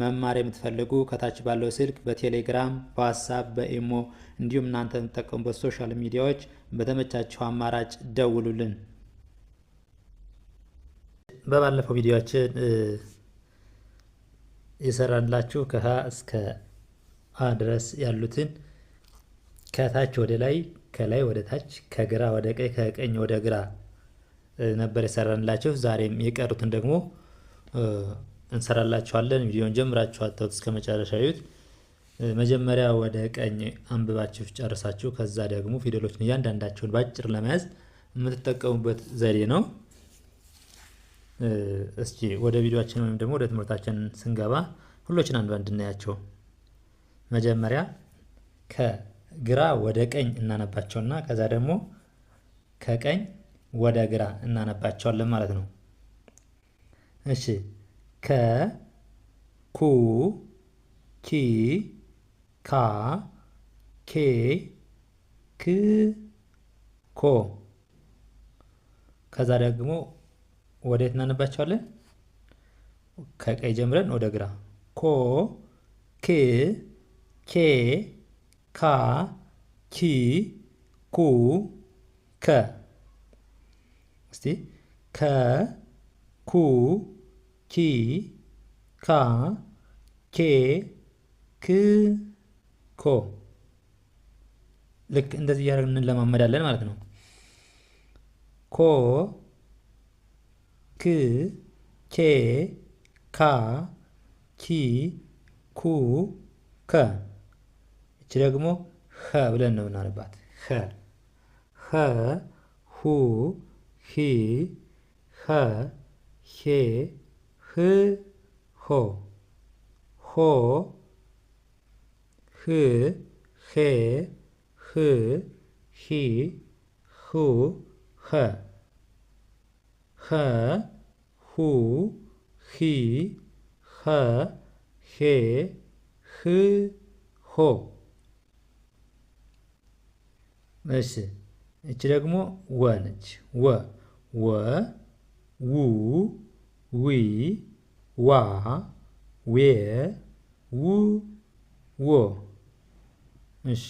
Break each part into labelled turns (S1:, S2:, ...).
S1: መማር የምትፈልጉ ከታች ባለው ስልክ በቴሌግራም በዋትሳፕ በኢሞ እንዲሁም እናንተ የምትጠቀሙበት ሶሻል ሚዲያዎች በተመቻቸው አማራጭ ደውሉልን። በባለፈው ቪዲዮችን የሰራንላችሁ ከሀ እስከ አ ድረስ ያሉትን ከታች ወደ ላይ፣ ከላይ ወደ ታች፣ ከግራ ወደ ቀኝ፣ ከቀኝ ወደ ግራ ነበር የሰራንላችሁ። ዛሬም የቀሩትን ደግሞ እንሰራላችኋለን። ቪዲዮን ጀምራችሁ አታውት እስከ መጨረሻ ዩት። መጀመሪያ ወደ ቀኝ አንብባችሁ ጨርሳችሁ ከዛ ደግሞ ፊደሎችን እያንዳንዳቸውን በአጭር ለመያዝ የምትጠቀሙበት ዘዴ ነው። እስኪ ወደ ቪዲዮችን ወይም ደግሞ ወደ ትምህርታችን ስንገባ ሁሎችን አንድ በአንድ እናያቸው። መጀመሪያ ከግራ ወደ ቀኝ እናነባቸውና ከዛ ደግሞ ከቀኝ ወደ ግራ እናነባቸዋለን ማለት ነው። እሺ ከ ኩ ኪ ካ ኬ ክ ኮ ከዛ ደግሞ ወዴት እናነባቸዋለን? ከቀይ ጀምረን ወደ ግራ ኮ ክ ኬ ካ ኪ ኩ ከ እስቲ ከ ኩ കി ക കെ ക് ኮ ልክ እንደዚህ እያደረግን እንለማመዳለን ማለት ነው። ኮ ክ ኬ ካ ኪ ኩ ከ እቺ ደግሞ ኸ ብለን ነው ምናነባት። ኸ ኸ ሁ ሂ ኸ ሄ ህ ሆ ሆ ህ ሄ ህ ሂ ሁ ኸ ኸ ሁ ሂ ኸ ሄ ህ ሆ እሺ እቺ ደግሞ ወ ነች። ወ ወ ው ዊ ዋ ዌ ው ዎ እሺ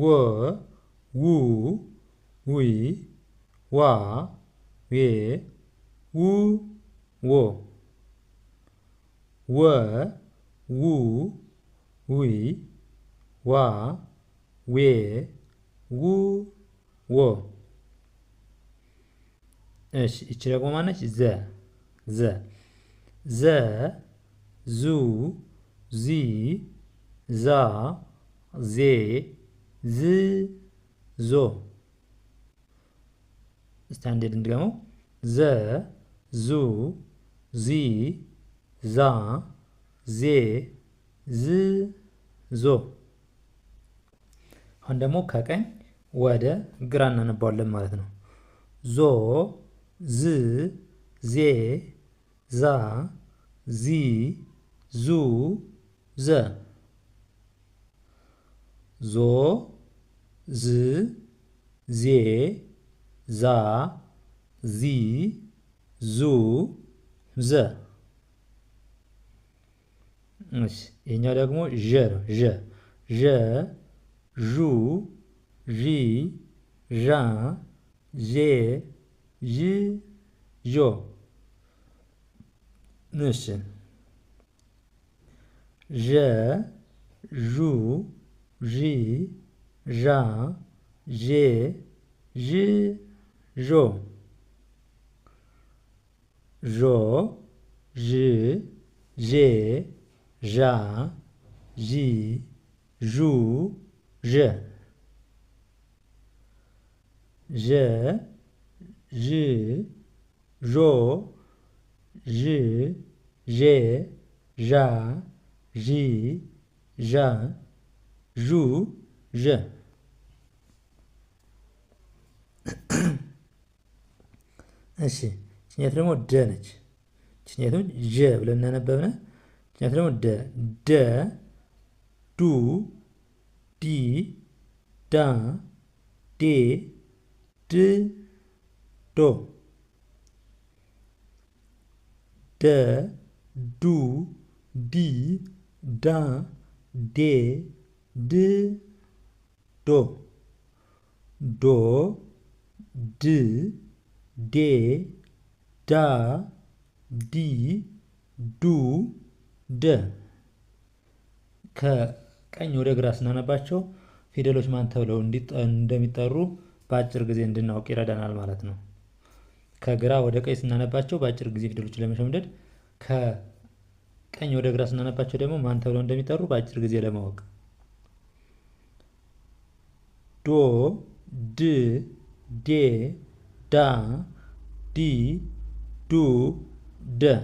S1: ወ ው ዊ ዋ ዌ ው ዎ ወ ው ዊ ዋ ዌ ው ዎ እሺ ይቺ ደግሞ ማነች? ዘ ዘ ዘ ዙ ዚ ዛ ዜ ዝ ዞ እስቲ አንዴ ዘ ዙ ዚ ዛ ዜ ዝ ዞ። አሁን ደግሞ ከቀኝ ወደ ግራ እናነባዋለን ማለት ነው። ዞ ዝ ዜ ዛ ዚ ዙ ዘ ዞ ዝ ዜ ዛ ዚ ዙ ዘ። እሺ ይሄኛው ደግሞ ዠ ነው። ዠ ዠ ዡ ዢ ዣ ዤ ዥ ዦ እሺ ዠ ዡ ዢ ዣ ዤ ዥ ዦ ዦ ዥ ዤ ዣ ዢ ዡ ዠ ዠ ዥ ዦ ዥ ዤ ዣ ዢ ዣ ዡ ዠ እሺ ችኛት ደግሞ ደ ነች። ችኛቱ ዠ ብለን እናነበብነ። ችኛት ደግሞ ደ ደ ዱ ዲ ዳ ዴ ድ ዶ ደ ዱ ዲ ዳ ዴ ድ ዶ ዶ ድ ዴ ዳ ዲ ዱ ደ ከቀኝ ወደ ግራ ስናነባቸው ፊደሎች ማን ተብለው እንደሚጠሩ በአጭር ጊዜ እንድናውቅ ይረዳናል ማለት ነው። ከግራ ወደ ቀኝ ስናነባቸው በአጭር ጊዜ ፊደሎችን ለመሸምደድ ከቀኝ ወደ ግራ ስናነባቸው ደግሞ ማን ተብለው እንደሚጠሩ በአጭር ጊዜ ለማወቅ ዶ ድ ዴ ዳ ዲ ዱ ደ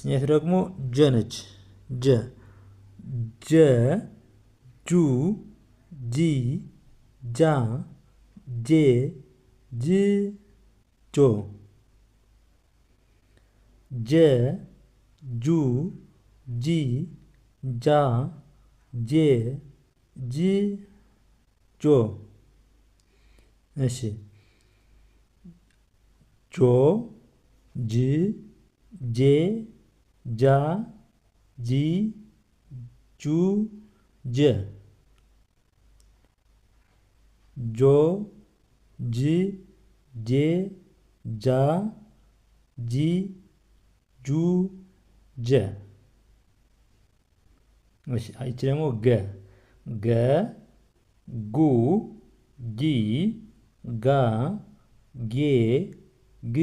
S1: ስኛቱ ደግሞ ጀ ነች። ጀ ጀ ጁ ጂ ጃ ጄ ጅ चो ज जू जी जा जे जी चो ऐसे चो जी जे जा जी चू जे जो जी जे ጃ ጂ ጁ ጀ። ይቺ ደግሞ ገ ገ ጉ ጊ ጋ ጌ ግ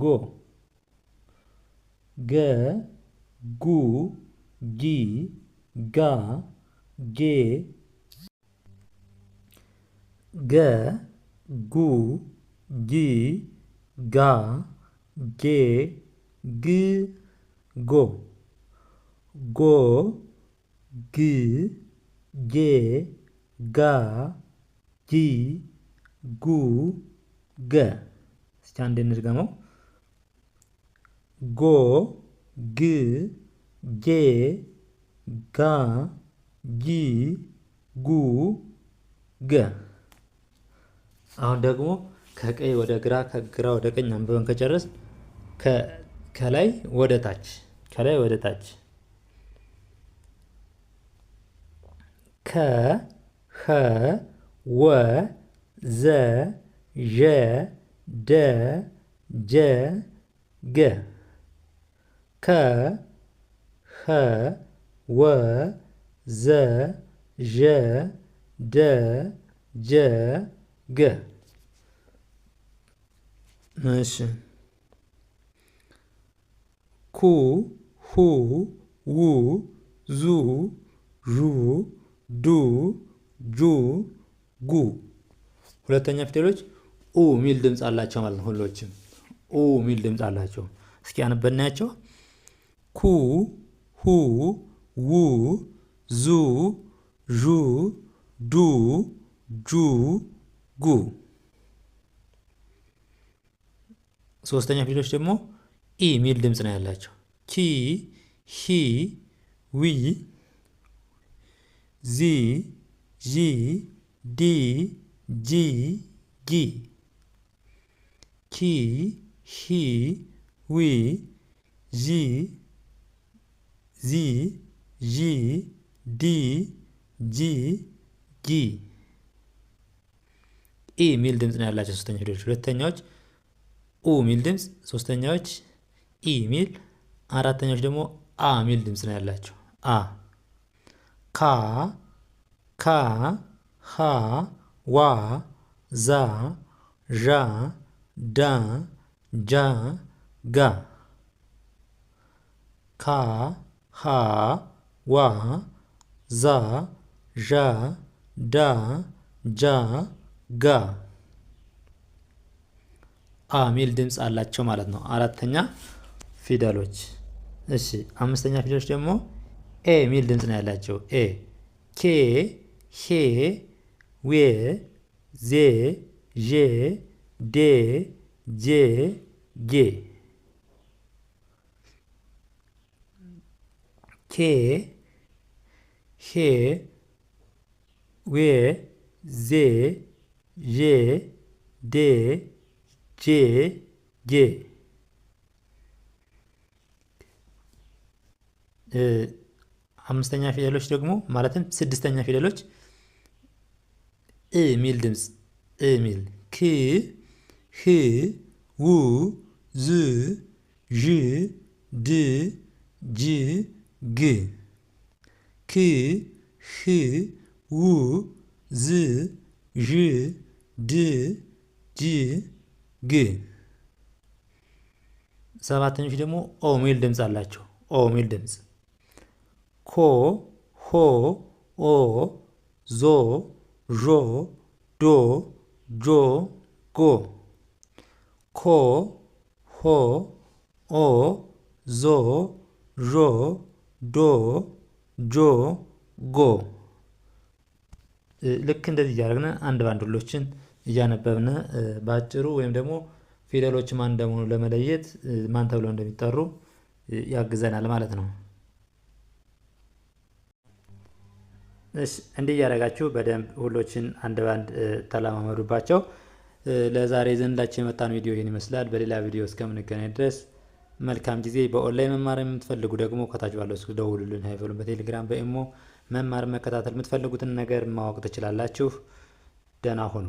S1: ጎ ገ ጉ ጊ ጋ ጌ ገ ጉ ጊ ጋ ጌ ግ ጎ ጎ ግ ጌ ጋ ጊ ጉ ገ እስቲ አንድ እንድገመው ጎ ግ ጌ ጋ ጊ ጉ ገ አሁን ደግሞ ከቀኝ ወደ ግራ ከግራ ወደ ቀኝ አንብበን ከጨረስ ከላይ ወደ ታች ከላይ ወደ ታች ከ ኸ ወ ዘ ዠ ደ ጀ ገ ከ ኸ ወ ዘ ዠ ደ ጀ ገ እሺ ኩ ሁ ው ዙ ዡ ዱ ጁ ጉ ሁለተኛ ፊደሎች ኡ ሚል ድምፅ አላቸው ማለት ነው። ሁሎችም ኡ ሚል ድምፅ አላቸው። እስኪ ያንበናያቸው ኩ ሁ ው ዙ ዡ ዱ ጁ ጉ ሶስተኛ ፊደሎች ደግሞ ኢ የሚል ድምፅ ነው ያላቸው። ኪ፣ ሂ፣ ዊ፣ ዚ፣ ዢ፣ ዲ፣ ጂ፣ ጊ። ኪ፣ ሂ፣ ዊ፣ ዢ፣ ዚ፣ ዢ፣ ዲ፣ ጂ፣ ጊ። ኢ የሚል ድምፅ ነው ያላቸው ሶስተኛ ፊደሎች ሁለተኛዎች ኡ የሚል ድምፅ፣ ሶስተኛዎች ኢ ሚል አራተኛዎች ደግሞ አ የሚል ድምፅ ነው ያላቸው። አ ካ ካ ሃ ዋ ዛ ዣ ዳ ጃ ጋ ካ ሃ ዋ ዛ ዣ ዳ ጃ ጋ አ ሚል ድምፅ አላቸው ማለት ነው። አራተኛ ፊደሎች። እሺ አምስተኛ ፊደሎች ደግሞ ኤ ሚል ድምፅ ነው ያላቸው። ኤ ኬ፣ ሄ፣ ዌ፣ ዜ፣ ዤ፣ ዴ፣ ጄ፣ ጌ ኬ፣ ሄ፣ ዌ፣ ዜ፣ ዤ፣ ዴ ጄ ጄ አምስተኛ ፊደሎች ደግሞ ማለትም ስድስተኛ ፊደሎች እ ሚል ድምፅ እ ሚል ክ ህ ው ዝ ዥ ድ ጅ ግ ክ ህ ው ዝ ዥ ድ ጅ ግ ሰባተኞች ደግሞ ኦ ሚል ድምፅ አላቸው። ኦ ሚል ድምፅ ኮ ሆ ኦ ዞ ዦ ዶ ጆ ጎ ኮ ሆ ኦ ዞ ዦ ዶ ጆ ጎ ልክ እንደዚህ እያደረግን አንድ ባንድ ሁሎችን እያነበብን በአጭሩ ወይም ደግሞ ፊደሎች ማን እንደሆኑ ለመለየት ማን ተብለው እንደሚጠሩ ያግዘናል ማለት ነው። እሺ እንዲህ እያደረጋችሁ በደንብ ሁሎችን አንድ ባንድ ተለማመዱባቸው። ለዛሬ ዘንዳችሁ የመጣን ቪዲዮ ይህን ይመስላል። በሌላ ቪዲዮ እስከምንገናኝ ድረስ መልካም ጊዜ። በኦንላይን መማር የምትፈልጉ ደግሞ ከታች ባለው ስልክ ደውሉልን። ሃይፈሉን በቴሌግራም በኢሞ መማር መከታተል የምትፈልጉትን ነገር ማወቅ ትችላላችሁ። ደህና ሁኑ።